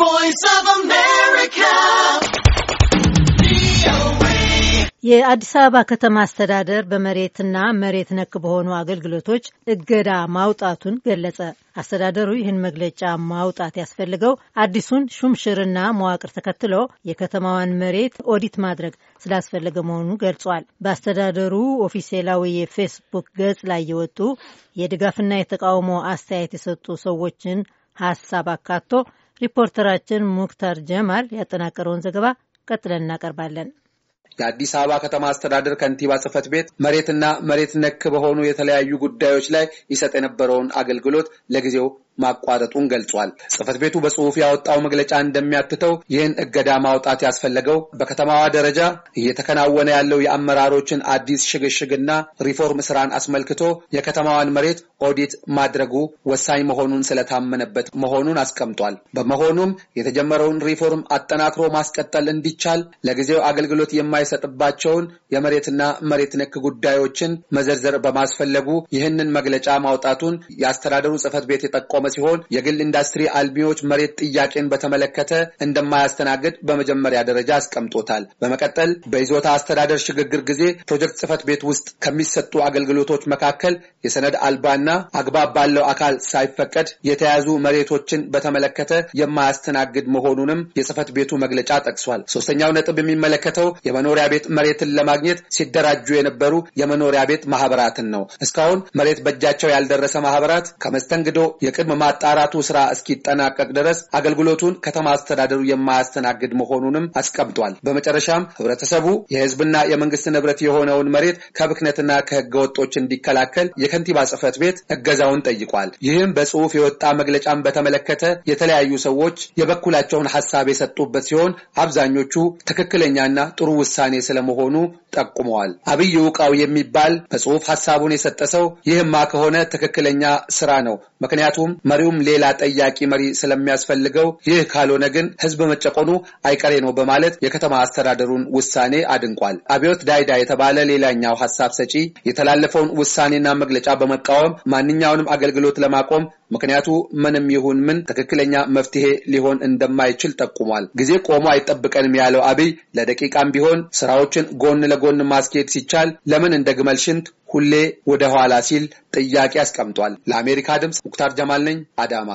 voice of America. የአዲስ አበባ ከተማ አስተዳደር በመሬትና መሬት ነክ በሆኑ አገልግሎቶች እገዳ ማውጣቱን ገለጸ። አስተዳደሩ ይህን መግለጫ ማውጣት ያስፈልገው አዲሱን ሹምሽርና መዋቅር ተከትሎ የከተማዋን መሬት ኦዲት ማድረግ ስላስፈለገ መሆኑን ገልጿል። በአስተዳደሩ ኦፊሴላዊ የፌስቡክ ገጽ ላይ የወጡ የድጋፍና የተቃውሞ አስተያየት የሰጡ ሰዎችን ሀሳብ አካቶ ሪፖርተራችን ሙክታር ጀማል ያጠናቀረውን ዘገባ ቀጥለን እናቀርባለን። የአዲስ አበባ ከተማ አስተዳደር ከንቲባ ጽህፈት ቤት መሬትና መሬት ነክ በሆኑ የተለያዩ ጉዳዮች ላይ ይሰጥ የነበረውን አገልግሎት ለጊዜው ማቋረጡን ገልጿል። ጽህፈት ቤቱ በጽሁፍ ያወጣው መግለጫ እንደሚያትተው ይህን እገዳ ማውጣት ያስፈለገው በከተማዋ ደረጃ እየተከናወነ ያለው የአመራሮችን አዲስ ሽግሽግና ሪፎርም ስራን አስመልክቶ የከተማዋን መሬት ኦዲት ማድረጉ ወሳኝ መሆኑን ስለታመነበት መሆኑን አስቀምጧል። በመሆኑም የተጀመረውን ሪፎርም አጠናክሮ ማስቀጠል እንዲቻል ለጊዜው አገልግሎት የማይሰጥባቸውን የመሬትና መሬት ነክ ጉዳዮችን መዘርዘር በማስፈለጉ ይህንን መግለጫ ማውጣቱን የአስተዳደሩ ጽህፈት ቤት የጠቆ የተቋቋመ ሲሆን የግል ኢንዱስትሪ አልሚዎች መሬት ጥያቄን በተመለከተ እንደማያስተናግድ በመጀመሪያ ደረጃ አስቀምጦታል። በመቀጠል በይዞታ አስተዳደር ሽግግር ጊዜ ፕሮጀክት ጽህፈት ቤት ውስጥ ከሚሰጡ አገልግሎቶች መካከል የሰነድ አልባና አግባብ ባለው አካል ሳይፈቀድ የተያዙ መሬቶችን በተመለከተ የማያስተናግድ መሆኑንም የጽህፈት ቤቱ መግለጫ ጠቅሷል። ሶስተኛው ነጥብ የሚመለከተው የመኖሪያ ቤት መሬትን ለማግኘት ሲደራጁ የነበሩ የመኖሪያ ቤት ማህበራትን ነው። እስካሁን መሬት በእጃቸው ያልደረሰ ማህበራት ከመስተንግዶ የቅድመ ማጣራቱ ስራ እስኪጠናቀቅ ድረስ አገልግሎቱን ከተማ አስተዳደሩ የማያስተናግድ መሆኑንም አስቀምጧል። በመጨረሻም ህብረተሰቡ የህዝብና የመንግስት ንብረት የሆነውን መሬት ከብክነትና ከህገ ወጦች እንዲከላከል የከንቲባ ጽህፈት ቤት እገዛውን ጠይቋል። ይህም በጽሁፍ የወጣ መግለጫን በተመለከተ የተለያዩ ሰዎች የበኩላቸውን ሀሳብ የሰጡበት ሲሆን አብዛኞቹ ትክክለኛና ጥሩ ውሳኔ ስለመሆኑ ጠቁመዋል። አብይ ውቃው የሚባል በጽሁፍ ሀሳቡን የሰጠ ሰው ይህማ ከሆነ ትክክለኛ ስራ ነው፣ ምክንያቱም መሪውም ሌላ ጠያቂ መሪ ስለሚያስፈልገው ይህ ካልሆነ ግን ህዝብ መጨቆኑ አይቀሬ ነው በማለት የከተማ አስተዳደሩን ውሳኔ አድንቋል። አብዮት ዳይዳ የተባለ ሌላኛው ሀሳብ ሰጪ የተላለፈውን ውሳኔና መግለጫ በመቃወም ማንኛውንም አገልግሎት ለማቆም ምክንያቱ ምንም ይሁን ምን ትክክለኛ መፍትሄ ሊሆን እንደማይችል ጠቁሟል። ጊዜ ቆሞ አይጠብቀንም ያለው አብይ ለደቂቃም ቢሆን ስራዎችን ጎን ለጎን ማስኬድ ሲቻል ለምን እንደ ግመል ሽንት ሁሌ ወደ ኋላ ሲል ጥያቄ አስቀምጧል። ለአሜሪካ ድምፅ ሙክታር ጀማል ነኝ አዳማ